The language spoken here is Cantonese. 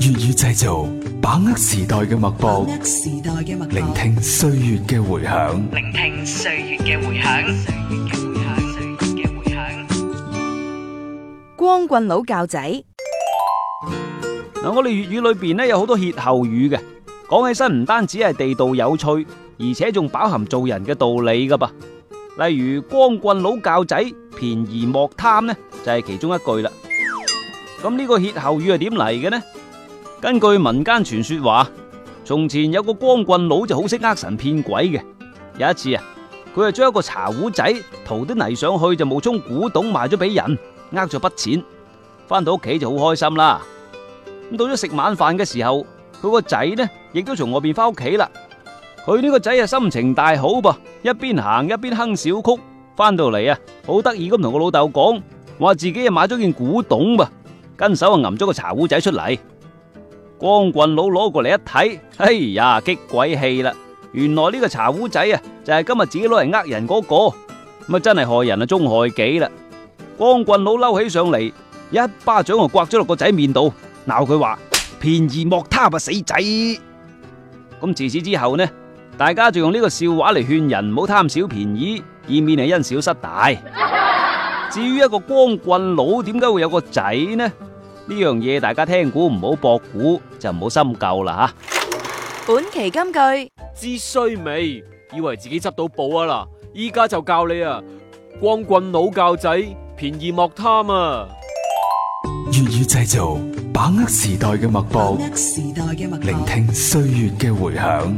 粵語製造，把握時代嘅脈搏，聆聽歲月嘅回響，聆聽歲月嘅回響，歲月嘅回響，歲月嘅回響。光棍佬教仔嗱，我哋粵語裏邊呢有好多歇後語嘅，講起身唔單止係地道有趣，而且仲飽含做人嘅道理噶噃。例如光棍佬教仔，便宜莫貪呢，就係其中一句啦。咁呢個歇後語係點嚟嘅呢？根據民間傳說話，從前有個光棍佬就好識呃神騙鬼嘅。有一次啊，佢係將一個茶壺仔塗啲泥上去，就冒充古董賣咗俾人，呃咗筆錢。翻到屋企就好開心啦。咁到咗食晚飯嘅時候，佢個仔呢亦都從外邊翻屋企啦。佢呢個仔啊心情大好噃，一邊行一邊哼小曲。翻到嚟啊，好得意咁同個老豆講，話自己啊買咗件古董噃，跟手啊揞咗個茶壺仔出嚟。光棍佬攞過嚟一睇，哎呀，激鬼氣啦！原來呢個茶壺仔啊，就係今日自己攞嚟呃人嗰個，咁啊真係害人啊，終害己啦！光棍佬嬲起上嚟，一巴掌就刮咗落個仔面度，鬧佢話，便宜莫貪啊，死仔！咁自此，此之後呢，大家就用呢個笑話嚟勸人唔好貪小便宜，以免係因小失大。 至於一個光棍佬點解會有個仔呢？呢樣嘢大家聽古唔好駁古，就唔好深究啦吓。本期金句，知衰未？以為自己執到寶啊嗱！依家就教你啊，光棍佬教仔，便宜莫貪啊！粵語製造，把握時代嘅脈搏，聆聽歲月嘅回響。